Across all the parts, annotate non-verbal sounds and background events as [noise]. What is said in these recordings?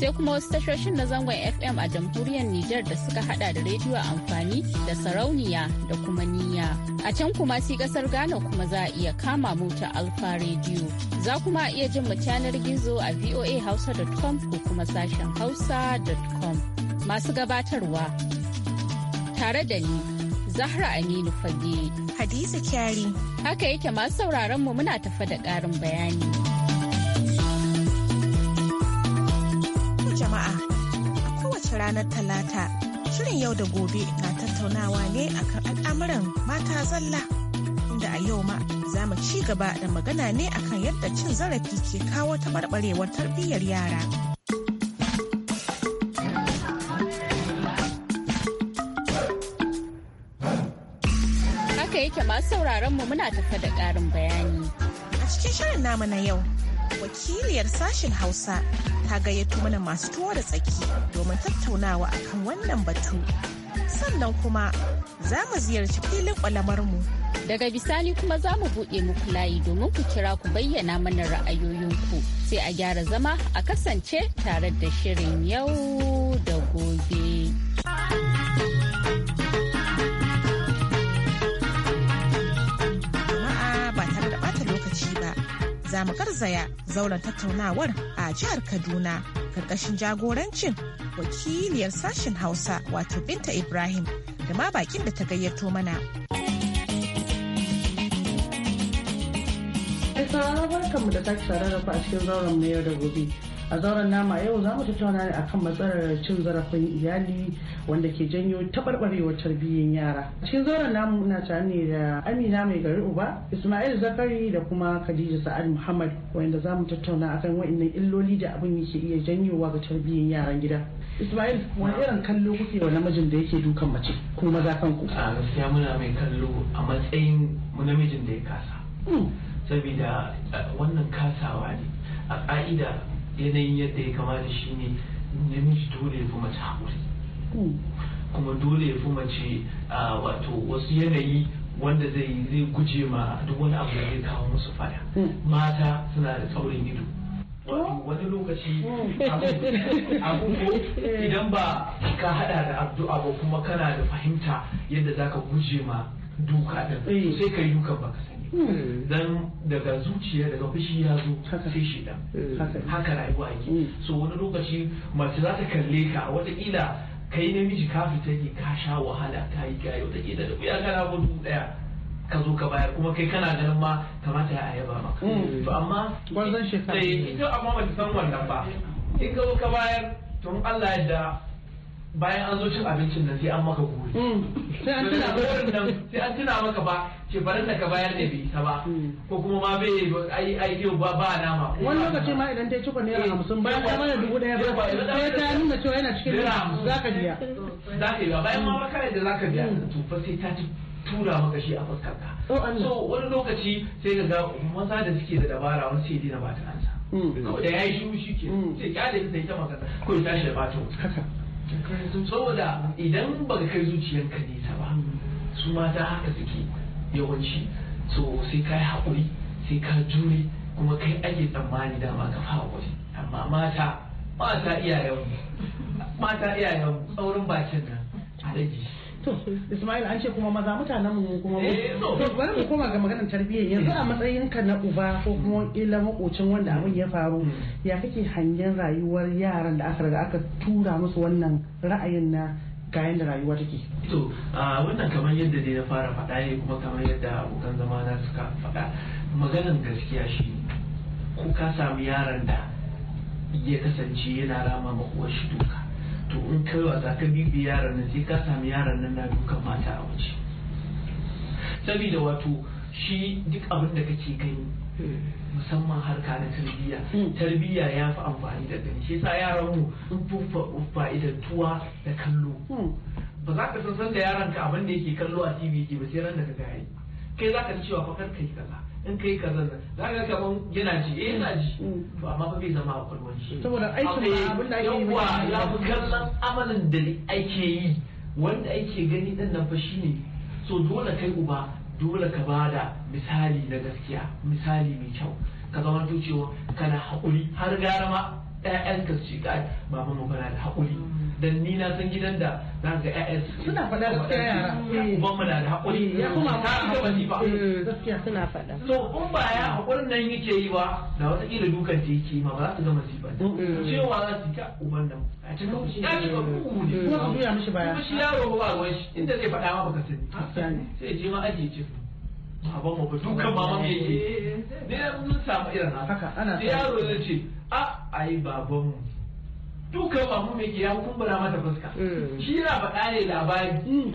sai kuma wasu tashoshin na zangon FM a jamhuriyar Nijar da suka hada da rediyo amfani da sarauniya da kuma niya. A can kuma si kasar Ghana kuma za a iya kama mu ta Alfa Radio. Za kuma iya jin mu yanar gizo a voahausa.com ko kuma sashen hausa.com. Masu gabatarwa tare da ni Zahra Aminu Fage. Hadiza Kyari. Haka yake masu sauraron mu muna tafa da ƙarin bayani. Juma'a. kowace ranar Talata, shirin yau da gobe na tattaunawa ne akan al'amuran mata zalla. Inda a yau ma za mu ci gaba da magana ne akan yadda cin zarafi ke kawo taɓarɓarewar tarbiyyar yara. Haka yake masu sauraron mu muna tafa da ƙarin bayani. A cikin shirin namu na yau, wakiliyar sashen Hausa ta gayyato mana masu tuwo da tsaki domin tattaunawa akan wannan batu. Sannan kuma za mu ziyarci filin mu. Daga bisani kuma za mu buɗe muku layi domin ku kira ku bayyana mana ra'ayoyinku sai a gyara zama a kasance tare da shirin yau da gobe. Jama'a ba tare da ɓata lokaci ba, za mu garzaya zauren tattaunawar a jihar Kaduna karkashin jagorancin wakiliyar sashen Hausa wato Binta Ibrahim da ma bakin da ta gayyato mana. Sauraron barkanmu da sake sauraron a cikin zauren na yau da gobe. a zauren nama yau za mu tattauna ne akan matsalar cin zarafin iyali wanda ke janyo taɓarɓarewar tarbiyyar yara cikin zauren namu na tare ne da amina mai gari uba ismail zakari da kuma khadija sa'ad muhammad wanda za mu tattauna akan wa'annan illoli da abin yake iya janyowa ga tarbiyyar yaran gida ismail wani irin kallo kuke wa namijin da yake dukan mace ko maza ku a gaskiya muna mai kallo a matsayin mu namijin da ya kasa hmm. saboda eh, wannan kasawa ne a ƙa'ida yanayin yadda ya kamata ne namiji dole ya fi mace haƙuri hmm. kuma dole ya fi mace wato wasu yanayi wanda zai zai guje ma duk wani abu da zai kawo musu fada hmm. mata suna da tsaurin ido wani lokaci hmm. abubu idan ba ka hada da addu'a ba kuma kana da fahimta yadda zaka guje ma duka din eh. sai ka yi dukan ka sani dan daga zuciya daga fushi ya zo sai shi dan haka rayuwa yake so wani lokaci mace za ta kalle ka watakila kai namiji ka fita ne ka sha wahala ka yi gaye watakila da wuya kana gudu daya ka zo ka bayar kuma kai kana ganin ma kamata ya ayaba maka to amma gwarzon shekara ita amma ba ta san wannan ba in ka zo ka bayar tun Allah ya da bayan an zo cin abincin nan sai an maka gori mm. sai an tuna maka sai an tuna maka ba ce bari ka bayar da bai isa ba mm. ko kuma ma bai ai ai yau ba ba nama wani lokaci ma idan yi cikon naira eh, hamsin bayan ta mana dubu daya ba sai ta nuna cewa yana cikin naira za ka biya za ka biya bayan ma kare da za ka biya mm. to fa sai ta tura maka shi a fuskarka oh, so wani lokaci sai ka ga maza da suke da dabara wani sai dina ba ta ansa da ya yi shi ke sai kyale sai ta maka ko ta shi da ba ta saboda idan baka kai zuciyarka nisa ba su mata haka suke yawanci so sai ka yi haƙuri sai ka jure kuma kai ake tsammani dama ka fa haƙuri amma mata mata iyayenmu mata iyayenmu tsaurin bakin nan alaji [laughs] Ismail an ce kuma maza mutanen mu kuma eh, to bari mu koma ga maganar tarbiyya yanzu a matsayin ka na uba ko kuma kila makocin wanda abin ya faru ya kake hangen rayuwar yaran da aka riga aka tura musu wannan ra'ayin na kayan da rayuwa take. To wannan kamar yadda dai na fara faɗa ne kuma kamar yadda abokan zamana suka faɗa maganar gaskiya shi ko ka samu yaran da ya kasance yana rama ma uwar shi duka to in kai wasa ka bibi yaran nan sai ka sami yaran nan na dukan mata a waje saboda wato shi duk abin da kake kai musamman harka na tarbiyya hmm. tarbiyya ya fi amfani da gani shi sa yaran mu fa'idantuwa da kallo hmm. ba za ka san da yaran ka abin da yake kallo a tv ba sai ran da ka gaya kai za ka ci cewa fa kar kai kaza in kai kaza nan za ka kaman yana ji eh yana ji mm. to amma fa bai zama a kulwan shi saboda aikin abin da ake yi ya fi kallon amalin da ake yi wanda ake gani dan nan fa shine so dole kai uba dole ka bada misali na gaskiya misali mai kyau ka zama cewa kana haƙuri har gara ma ƴaƴanka su ce ka mama mu kana da haƙuri mm. dan ni na san gidan da za ga ƴaƴan su suna faɗa gaskiya yara uban mu na da haƙuri eh, ya kuma ta ga masifa eh, gaskiya suna faɗa so in ba ya haƙurin nan yake yi ba da wata kila dukan ta yake ma ba za su ga masifa mm. cewa za su ga uban nan a cikin mm. ya ci ba ku ne kuma ku biya mishi baya kuma shi yaro ba shi inda zai faɗa ma baka sani sai je ma ajiye ce baban mu dukan baban ya yi ne kumbura mata fuska hmm. shi yana faɗa ne labari hmm,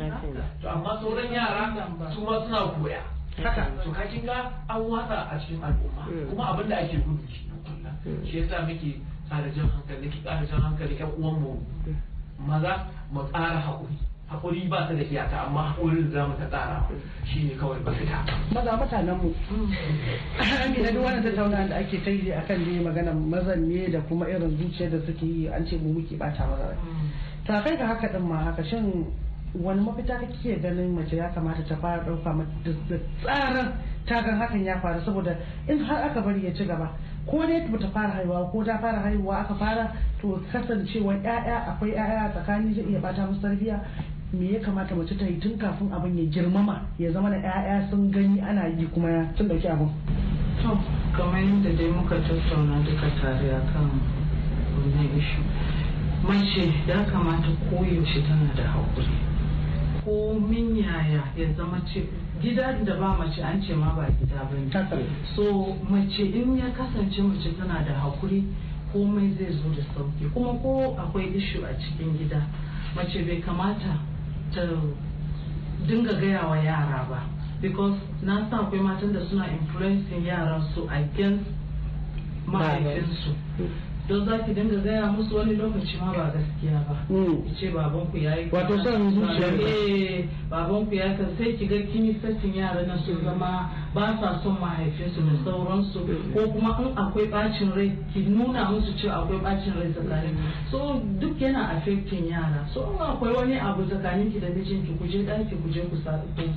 to amma sauran yara su ma suna koya haka to ka ga an watsa a cikin al'umma hmm. kuma abin da ake gudu shi yasa muke tsara jan hankali ƙara jan hankali ƴan uwan mu maza mu tsara haƙuri hakuri ba ta da iyaka amma hakurin za mu ta tsara shi ne kawai ba fita maza mutanen mu [laughs] amina duk wannan tattaunawa da ake a akan ne magana mazan ne da kuma irin zuciyar da suke yi an ce mu muke bata maza mm. ta kai ga haka din ma haka shin wani mafita kake ganin mace ya kamata ta fara dauka da tsarin tagan hakan ya faru saboda in har aka bari ya ci gaba ko dai ba ta fara haihuwa ko ta fara haihuwa aka fara to kasancewa ya'ya akwai ya'ya tsakani zai iya bata musu tarbiyya me ya kamata mace ta yi tun kafin abin ya girmama ya zama da 'ya'ya sun gani ana yi kuma tun dauki abin to kamar yadda dai muka tattauna duka tare akan wannan ishu mace ya kamata koyaushe tana da haƙuri ko min yaya ya zama ce gida da ba mace an ce ma ba gida ba so mace in ya kasance mace tana da haƙuri komai zai zo da sauki kuma ko akwai ishu a cikin gida mace bai kamata ta dinga gaya wa yara ba because na sa akwai matan da suna influencing yaran su against mahaifinsu don za ki dinga gaya musu wani lokaci ma ba gaskiya ba mm. ki ce babanku ya yi wato son zuciya eh, baban ku ya kan sai ki ga kin yi yaran yara na su zama ba sa son mahaifinsu da sauransu mm. ko kuma in akwai bacin rai ki nuna musu cewa akwai bacin rai tsakanin so duk yana affecting yara so in akwai wani abu tsakanin ki da mijinki ku je ɗaki ku je ku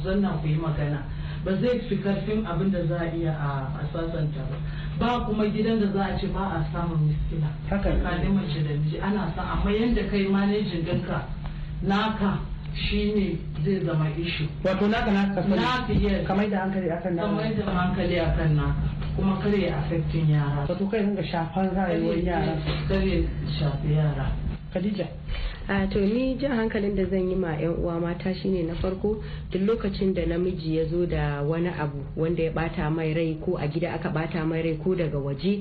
zanna ku yi magana ba zai fi karfin abin da za a iya a sasanta ba ba kuma gidan da za a ce ba a samun miskila tsakanin mace da miji ana sa amma yadda kai manajin dinka naka shine zai zama ishu wato naka naka naka yes kamar da hankali akan naka kamar da hankali akan naka kuma kare ya affectin yara wato kai dinga shafan rayuwar yara kare shafi yara Khadija a to ni jan hankalin da zan yi ma 'yan uwa mata shine na farko duk lokacin da namiji ya zo da wani abu wanda ya bata mai rai ko a gida aka bata mai rai ko daga waje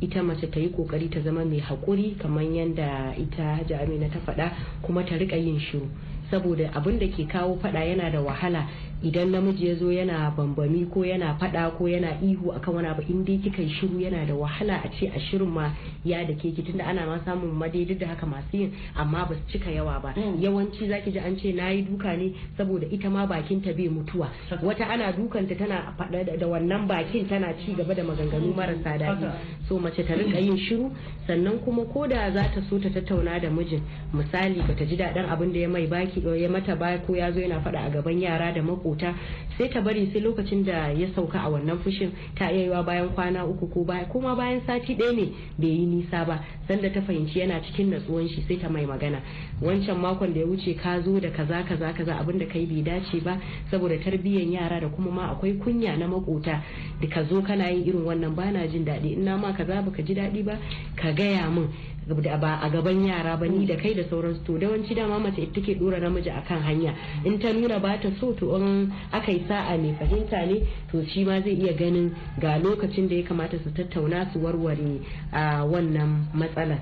ita mace ta yi kokari ta zama mai hakuri kamar yadda ita hajji amina ta faɗa kuma ta riƙa yin shiru saboda abin da ke kawo faɗa yana da wahala idan namiji ya zo yana bambami ko yana fada ko yana ihu akan wani abu in dai kika shiru yana da wahala a ce a shirin ma ya da keke tunda ana ma samun madaidai da haka masu yin amma ba su cika yawa ba mm. yawanci zaki ji an ce nayi duka ne saboda ita ma bakin ta bai mutuwa wata ana dukanta tana fada da wannan bakin tana ci gaba da maganganu mm. marasa daɗi so mace ta rinka yin shiru sannan kuma ko da za ta so ta tattauna da mijin misali bata ji daɗin abin da ya mai baki ya mata ba ko ya zo yana fada a gaban yara da maku. makota sai ta bari sai lokacin da ya sauka a wannan fushin ta iya bayan kwana uku ko baya kuma bayan sati ɗaya ne bai yi nisa ba sanda ta fahimci yana cikin natsuwan shi sai ta mai magana wancan makon da ya wuce ka zo da kaza kaza kaza abin da kai bai dace ba saboda tarbiyyan yara da kuma ma akwai kunya na makota da ka zo kana yin irin wannan bana jin daɗi in na ma kaza baka ji daɗi ba ka gaya min ba a gaban yara ba ni da kai da sauransu to yawanci dama mace ita take dora namiji akan hanya in ta nuna ba ta so to in aka yi sa'a ne fahimta ne to shi ma zai iya ganin ga lokacin da ya kamata su tattauna su warware a wannan matsala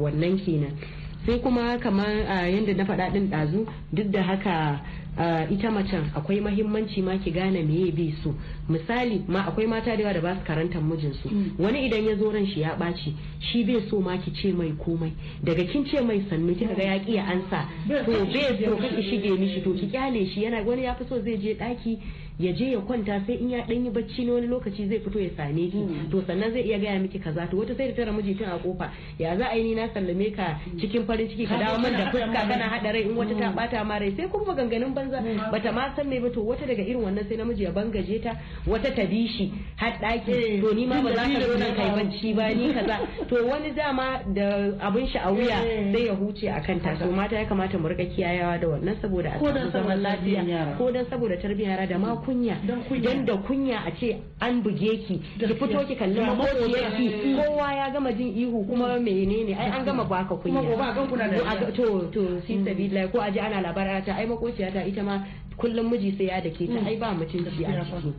wannan kenan sai kuma kamar yadda na faɗa ɗazu duk da haka Uh, ita macen akwai mahimmanci ma ki gane me bai so misali ma akwai mata da yawa da basu su karantar mijinsu mm. wani idan ya zo ran shi ya ɓaci shi bai so ma ki ce mai komai daga kin ce mai sannu kika ga ya ya ansa to bai so ki shige mishi to ki kyale shi yana wani ya fi so zai je daki. ya je ya kwanta sai in ya dan yi bacci na wani lokaci zai fito ya same ki hmm. to sannan zai iya gaya miki kaza to wata sai da tara miji tun a kofa ya za a yi ni na sallame ka cikin farin ciki ka dawo min da hmm. fuska kana hada rai in wata ta bata hmm. ma rai sai kuma maganganun banza bata ma san me ba to wata daga irin wannan sai namiji ya bangaje ta wata ta bi shi har daki to ni ma ba za ka zo nan kai bacci ba ni kaza to wani dama da abin shi a wuya sai ya huce akan ta so mata ya kamata mu rika kiyayawa da wannan saboda a samu zaman lafiya ko dan saboda tarbiyyar da ma kunya don da kunya a ce an buge ki ki fito ki kalli makociyarki kowa ya gama jin ihu kuma mm. menene ai an gama baka kunya to to si mm. sabila ko aje ana labarata ai makociyata ita ma kullum miji sai ya dake ta mm. ai ba mutunci a ciki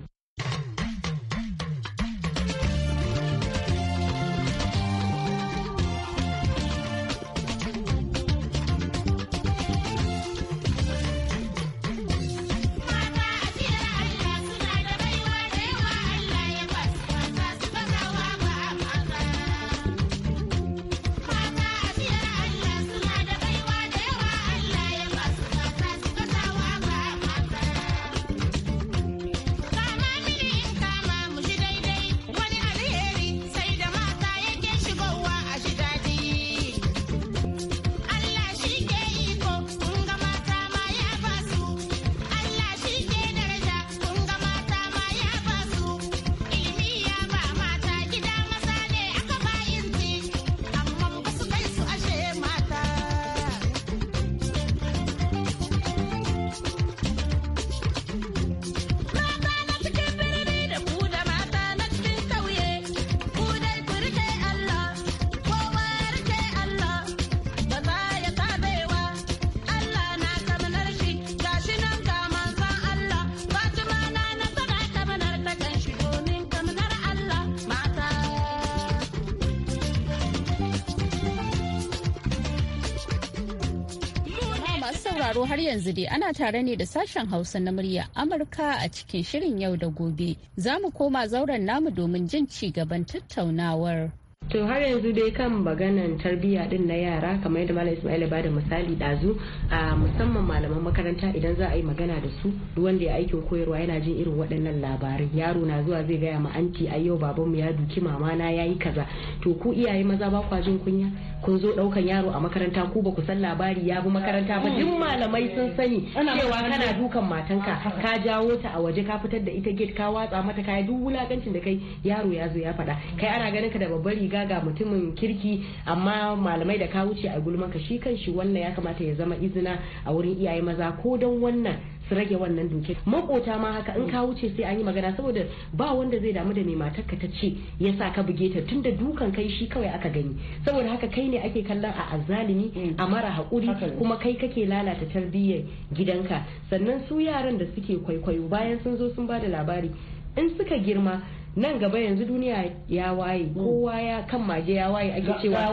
sauraro har yanzu dai ana tare ne da sashen Hausa na murya Amurka a cikin shirin yau da gobe. Za mu koma zauren namu domin jin ci gaban tattaunawar. to har yanzu dai kan maganan tarbiyya din na yara kamar yadda malam ismaila ba da misali dazu a musamman malaman makaranta idan za a yi magana da su duk wanda ya aikin koyarwa yana jin irin waɗannan labarai yaro na zuwa zai gaya ma anti a yau mu ya duki mama na yayi kaza to ku iyaye maza ba kwa jin kunya kun zo ɗaukan yaro a makaranta ku ba ku san labari ya bi makaranta ba duk malamai sun sani cewa kana dukan matanka ka jawo ta a waje ka fitar da ita gate ka watsa mata kaya duk wulakancin da kai yaro ya zo ya faɗa kai ana ganin ka da babbar riga ga mutumin kirki amma malamai da ka wuce a ka shi kan shi wannan ya kamata ya zama izina a wurin iyaye maza ko don wannan su rage wannan doke makota ma haka in ka wuce sai an yi magana saboda ba wanda zai damu da mai matar ka ta ce ya sa ka buge ta tunda dukan kai shi kawai aka gani saboda haka kai ne ake kallon a azalimi mm. a mara haƙuri kuma kai kake lalata tarbiyyar gidanka sannan su yaran da suke kwaikwayo bayan sun zo sun ba da labari in suka girma nan gaba yanzu duniya ya waye hmm. kowa ya kan maje ya waye ake cewa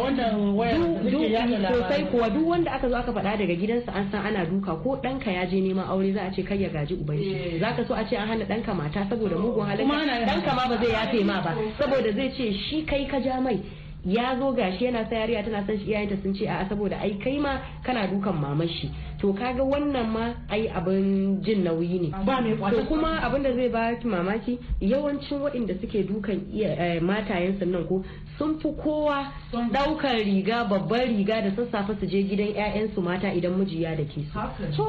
sosai kuwa duk wanda aka zo aka faɗa daga gidansa an san ana duka ko ɗanka ya je neman aure za a ce kai ya gaji uban shi eh. za ka so a ce an hana ɗanka mata saboda mugun halatta ɗanka ma ba zai yafe ma ba [laughs] saboda zai ce shi kai ka ja mai ya zo gashi yana sa yariya tana son shi iyayenta sun ce a'a saboda ai kai ma kana dukan mamashi to kaga wannan ma ai abin jin nauyi ne ba mai kuma abin da zai baki mamaki yawancin waɗanda suke dukan eh, matayen nan ko sun fi kowa daukar riga babbar riga da sassafe su je gidan 'ya'yansu mata idan miji ya da ke su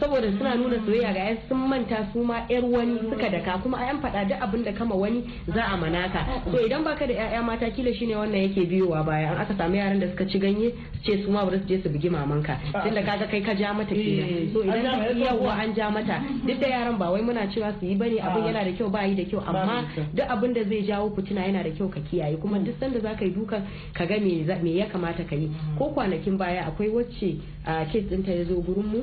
saboda suna nuna mm. soyayya ga 'yan sun manta su ma 'yar wani suka mm. daka kuma yan faɗa duk abin da kama wani za a manaka mm. to idan baka da ƴaƴa mata kila shine wannan yake biyowa baya an aka samu yaran da suka ci ganye su ce su ma bari su je su bugi mamanka tunda kaga kai ka ja mata eh, kenan so idan yawwa an ja mata duk da yaran ba wai muna cewa su yi ne ah. abin yana da kyau ba yi da kyau amma duk abin da zai jawo fitina yana da kyau ka kiyaye kuma hmm. duk sanda za ka yi dukan ka ga me ya kamata ka yi hmm. ko kwanakin baya akwai wacce a kes ɗinta ya zo gurin mu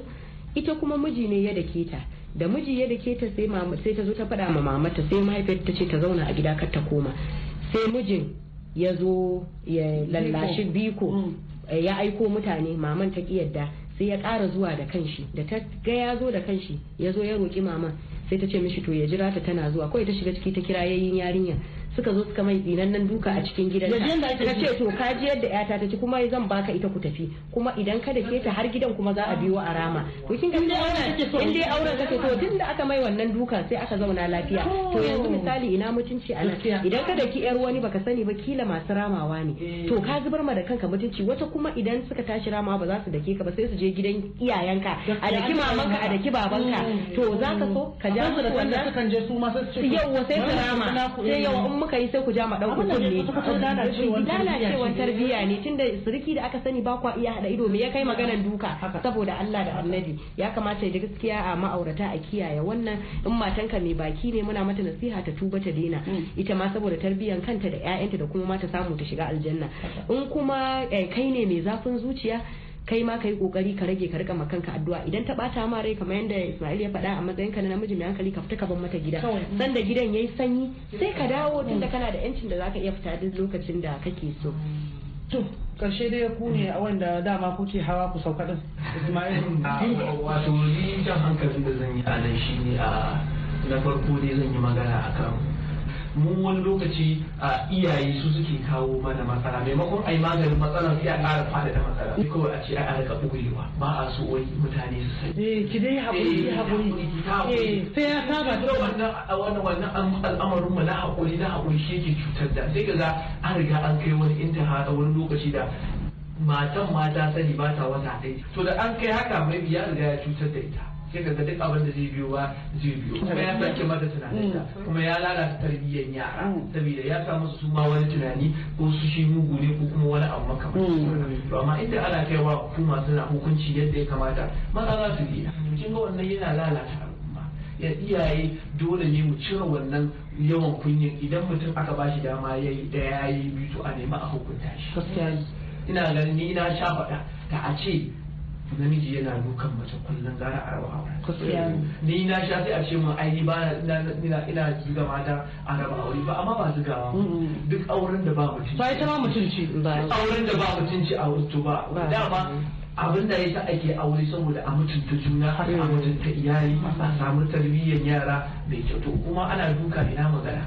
ita kuma miji ne ya dake ta da miji ya dake ta sai mama sai ta zo ta faɗa ma mamata sai mahaifiyar ta ce ta zauna a gida kar ta koma sai mijin ya zo ya lallashi biko hmm. ya aiko mutane maman ta ki yadda sai ya ƙara zuwa da kanshi da ta ga ya zo da kanshi ya zo ya roƙi maman sai ta ce mishi to ya jira ta tana zuwa kawai ta shiga ciki ta kira yayin yarinya suka zo suka mai dinan nan duka a cikin gidan ta ce to ka ji yadda yata ta ci kuma zan baka ita ku tafi kuma idan ka dake ta har gidan kuma za a biyo a rama to kin ga in dai auren kake to tun da aka mai wannan duka sai aka zauna lafiya oh. to yanzu misali ina mutunci a nan idan ka dake ki yar wani baka sani ba kila masu ramawa ne eh. to ka zubar ma da kanka mutunci wata kuma idan suka tashi rama ba za su dake ka ba sai su je gidan iyayenka a daki mamanka a daki babanka mm. to za ka so ka ja su da wannan yau sai su rama sai yau muka yi sai ku ja mu dan ku lalacewar tarbiyya ne tunda siriki da aka sani ba kwa iya hada ido me ya kai maganan duka saboda Allah da Annabi ya kamata da gaskiya a ma'aurata a kiyaye wannan in matanka mai baki ne muna mata nasiha ta tuba ta daina mm. ita ma saboda tarbiyyan kanta da 'ya'yanta da kuma ma ta samu ta shiga aljanna in kuma eh, kai ne mai zafin zuciya kai ma ka yi kokari ka rage ka rika makanka addu'a idan ta bata ma rai kamar yadda Ismail ya faɗa a matsayin ka na namiji mai hankali ka fita ka bar mata gida san da gidan yayi sanyi sai ka dawo tunda mm. kana da yancin da zaka iya fita duk lokacin da kake so to karshe dai ku ne a wanda dama kuke hawa ku sauka din Ismail [laughs] wato ni jan hankalin da zan yi a nan shine a na farko dai zan yi magana akan mu wani lokaci a iyaye su suke kawo mana matsala maimakon a maganin matsala sai a ƙara fada da matsala sai kawai a ce a rika bugulewa ba a so wai mutane su sani. eh ki dai haƙuri eh, haƙuri eh, sai ya saba da wannan wannan al'amarin mu na haƙuri na haƙuri shi yake cutar da sai kaga an riga an kai wani intaha a wani lokaci da matan mata ta sani ba ta wata ɗaya to da an kai haka mai ya riga ya cutar da ita sai ga duk abin da zai biyo ba zai biyo kuma ya sake mata tunaninta kuma ya lalata tarbiyyar yara saboda ya sa musu su ma wani tunani ko su shi mugu ne ko kuma wani abu makamancin to amma inda ana wa hukuma suna hukunci yadda ya kamata maza za su iya kin ga wannan yana lalata al'umma ya iyaye dole ne mu cire wannan yawan kunyin idan mutum aka ba bashi dama yayi da ya biyu to a nema a hukunta shi ina ganin ni na sha faɗa ta a ce namiji yana dukan mace kullum gara a rawa aure ni na sha sai a ce mun ai ba ina ina zuga mata a raba aure ba amma ba zuga ba duk auren da ba mutunci ba ita ma mutunci ba auren da ba mutunci a wato ba da ba abin da ta ake aure saboda a mutunta juna a mutunta iyali a samu tarbiyyar yara mai kyau to kuma ana duka ina magana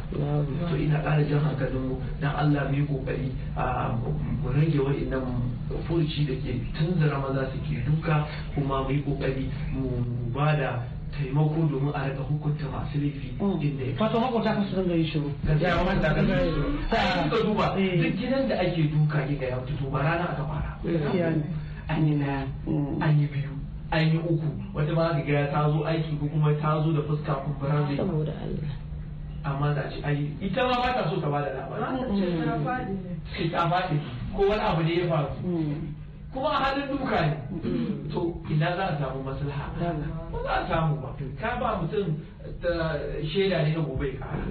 to ina ƙara jan hankalin mu dan Allah mu yi kokari a mu rage wa'annan furci da ke tunzura maza suke duka kuma mu yi kokari mu ba da taimako domin a rika hukunta masu laifi mm. inda ya fata makwata kan su dinga yin shiru ga jawo wanda ka sai duba eh. duk gidan da ake duka ga ya fito ba rana aka fara eh, an yi na mm. an yi biyu an yi uku wata ba ka gaya ta zo aiki ko kuma ta zo da fuska kumbura zai saboda Allah amma za a ce ayi ita ma ba ta so ta bada labari ce mm. ta faɗi ko wani abu ne ya faru mm. kuma a halin duka ne to ina za a samu maslaha ba za a samu ba ka ba mutum eh, shaida ne na gobe ƙara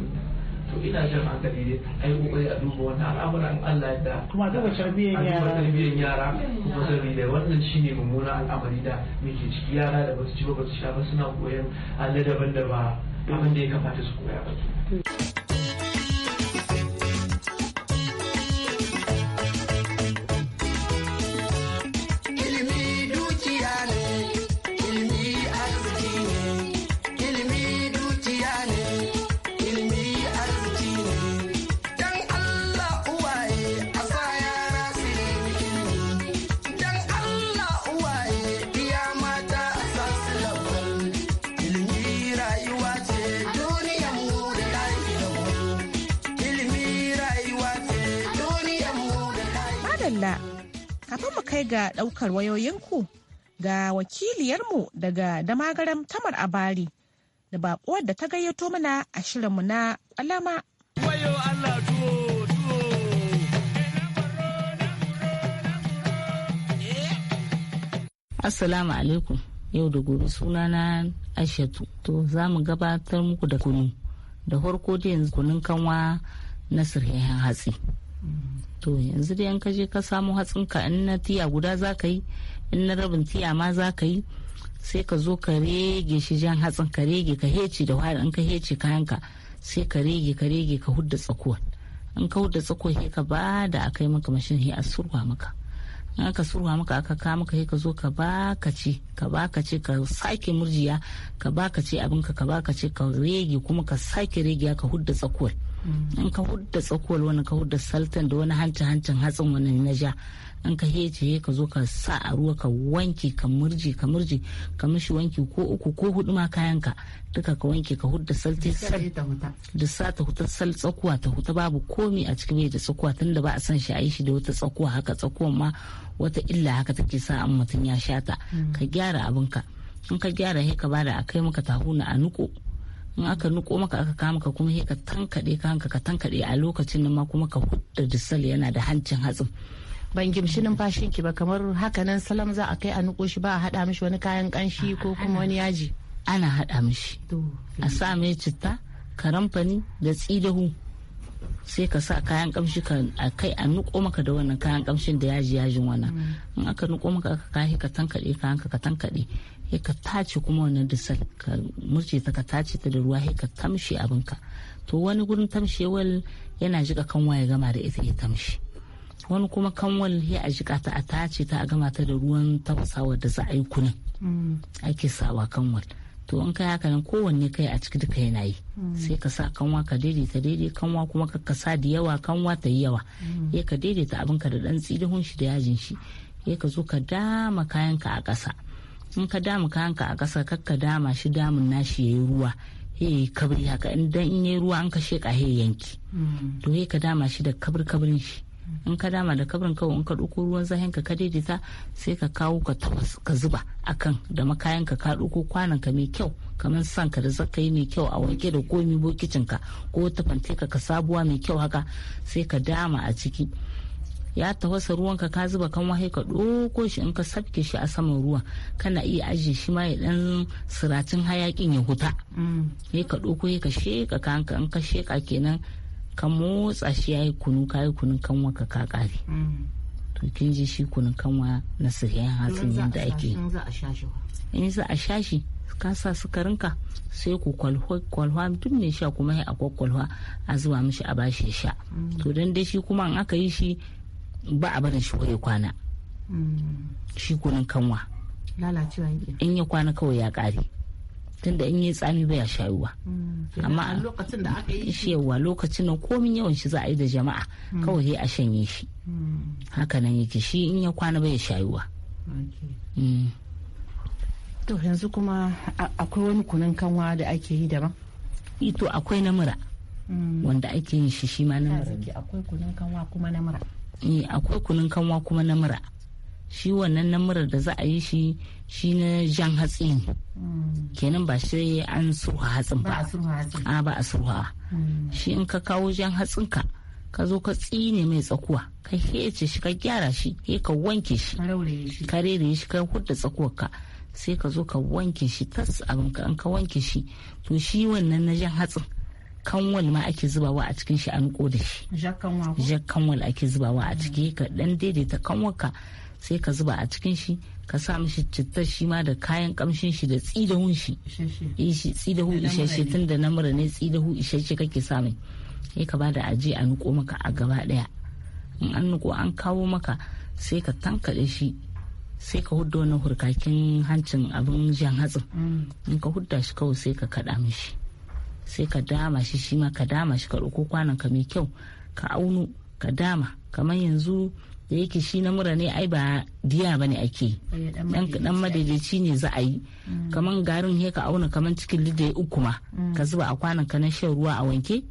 to ina jin hankali ne ai kokari a duba wannan al'amuran Allah ya da kuma duba tarbiyyar yara tarbiyyar yara kuma da wannan shine mummunan al'amari da muke ciki yara da basu ci ba basu sha ba suna koyon Allah daban da ba abin da ya kamata su koya ba kai ga ɗaukar wayoyinku ga wakiliyarmu daga damagaram tamar abari da baƙuwar da ta gayyato mana a shirinmu na kwalama. asalamu alaikum yau da gobe sunana Ashatu to za mu gabatar muku da kunu da farko da yanzu kunun kanwa na sirhehen hatsi to yanzu dai an kaje ka samu hatsinka in na tiya guda za ka yi in na rabin tiya ma za ka yi sai ka zo ka rege shi jan hatsin ka rege ka heci da wahala in ka heci kayanka sai ka rege ka rege ka hudda tsakuwar in ka hudda tsakuwar sai ka ba da aka yi maka mashin sai a surwa maka in aka surwa maka aka ka maka sai ka zo ka ba ka ce ka ba ka ce ka sake murjiya ka ba ka ce abinka ka ba ka ce ka rege kuma ka sake rege ka hudda tsakuwar in ka hudda tsakuwar wani ka hudda saltan da wani hancin hancin hatsin wani na ja in ka hece ka zo ka sa a ruwa ka wanke ka murje ka murje ka mishi wanki ko uku ko hudu ma kayanka duka ka wanke ka hudda salte da sa ta huta sal tsakuwa ta huta babu komi a cikin yadda tsakuwa tun da ba a san shi a yi shi da wata tsakuwa haka tsakuwa ma wata illa haka take sa an mutum ya shata mm. ka gyara abinka in ka gyara he ka bada a kai maka tahuna a nuko in aka nuko maka aka kama ka kuma ka tankade ka hanka ka tankade a lokacin nan ma kuma ka hudda disal yana da hancin hatsin ban gimshi numfashin ki ba kamar haka nan salam za a kai a nuko shi ba a hada mishi wani kayan kanshi ko kuma wani yaji ana hada mishi a sa mai citta karamfani da tsidahu sai ka sa kayan kamshi ka kai a nuko maka da wannan kayan kamshin da yaji yajin wannan mm. in aka nuko maka aka kahi ka tankade ka hanka ka tankade ya ka tace kuma wannan dusar ka murce ta ka tace ta da ruwa ya ka tamshe abinka to wani gurin tamshewal yana jika kanwa ya gama da ita ya tamshi wani kuma kanwal ya a jika ta a tace ta a gama ta da ruwan tafasawa da za a yi kunin mm. ake sawa kanwal to in kai haka nan kowanne kai a ciki duka yana yi mm. sai ka sa kanwa ka daidaita daidai kanwa kuma ka sa da yawa kanwa ta yi yawa ya mm. ka daidaita abinka da dan tsidihun shi da yajin shi ya ka zo ka dama kayanka a ƙasa in ka damu kayanka a ƙasa kakka dama shi damun nashi yi ruwa he kabri haka in dan in yi ruwa an ka sheka he yanki mm. to he ka dama shi da kabir kabrin shi in ka dama da kabrin kawai in ka ɗauko ruwan zahin ka daidaita sai ka kawo ka tabas ka zuba akan da makayan ka ka ɗauko kwanan ka mai kyau kamar san ka da zaka yi mai kyau a wanke da komi bokicin ka ko ta ka sabuwa mai kyau haka sai ka dama a ciki ya tafasa ruwanka ka zuba kan wahai ka ɗoko shi in ka sabke shi a saman ruwa kana iya ajiye shi ma ya dan siracin hayakin ya huta ya mm. ka ɗoko ya ka sheka kanka in ka sheka kenan ka motsa shi ya yi kunu ka yi kunun kanwa ka ka kare mm. to kin ji shi kunun kanwa na sirriyan hatsin yadda ake in za a sha shi ka sa sukarinka sai ku kwalwa mutum ne sha kuma ya akwai kwalwa a zuba mishi a bashi ya sha mm. to don dai shi kuma in aka yi shi ba a barin shi ya kwana shi kunin kanwa lalacewa in ya kwana kawai ya kare tunda in yi tsami baya shayuwa mm, amma lokacin da aka yi shi yawa lokacin nan komin yawan shi za a yi da jama'a mm. kawai a shanye shi mm. haka nan yake shi in ya kwana baya shayuwa to yanzu kuma akwai wani kunan kanwa da ake yi daban ito akwai namura wanda ake yin shi shi ma namura akwai kanwa kuma Eh, akwai kunun kanwa kuma na mura shi wannan na mura da za a yi shi shi na jan hatsi ne mm. kenan ba shi an surha hatsin ba a ba a surha mm. shi in ka kawo jan hatsinka ka zo ka tsine mai tsakuwa ka hece shi ka gyara shi he ka wanke shi ka rere shi ka hudda ka sai ka zo ka wanke shi tas abin ka an ka wanke shi to shi wannan na jan hatsin kanwal ma ake zubawa a cikin shi a niko shi jak kanwal ake zubawa a ciki mm. ka dan daidaita kanwarka sai ka zuba a cikin shi ka sa mishi cittar shi ma da kayan kamshin shi da tsidahun shi tsidahu isasshe eh, tun da na mura ne tsidahu isasshe kake sa mai sai ka bada aje a nuko maka a gaba daya in an nuko an kawo maka sai ka tankaɗe shi sai ka hudda wani hurkakin hancin abin jan hatsin mm. in ka hudda shi kawai sai ka kaɗa mishi sai ka dama shi shi ma ka dama shi ka ɗauko kwanan ka mai kyau ka aunu ka dama kamar yanzu da yake shi na mura ne ai ba diya bane ake dan eh, madaidaici ne za a yi mm. kamar garin he ka auna kamar cikin ya uku ma mm. ka zuba a kwanan ka na shan ruwa a wanke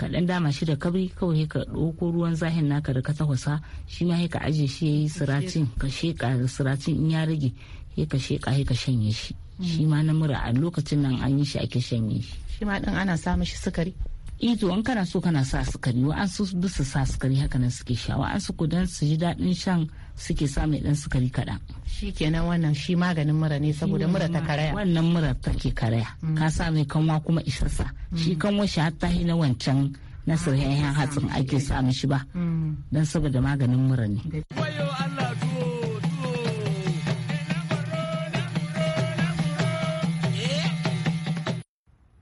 ka dan dama shi da kabri kawai ka ɗauko ruwan zahin naka da ka tafasa shi ma ka aje shi yayi siracin ka sheka siracin in ya rage he ka sheka he ka shanye shi shi ma na mura a lokacin nan an yi shi ake shanye yi shi ma din ana samun shi sukari eh to an kana so kana sa sukari wa an su su sa sukari haka nan suke sha wa an su kudan su ji daɗin shan suke sa mai dan sukari kaɗan. shi kenan wannan shi maganin mura ne saboda mura ta karaya wannan mura take karaya mm. ka sa mai kanwa kuma isassa mm. shi kanwa shi hatta na wancan na hatsin ake sa shi ba mm. don saboda maganin mura ne.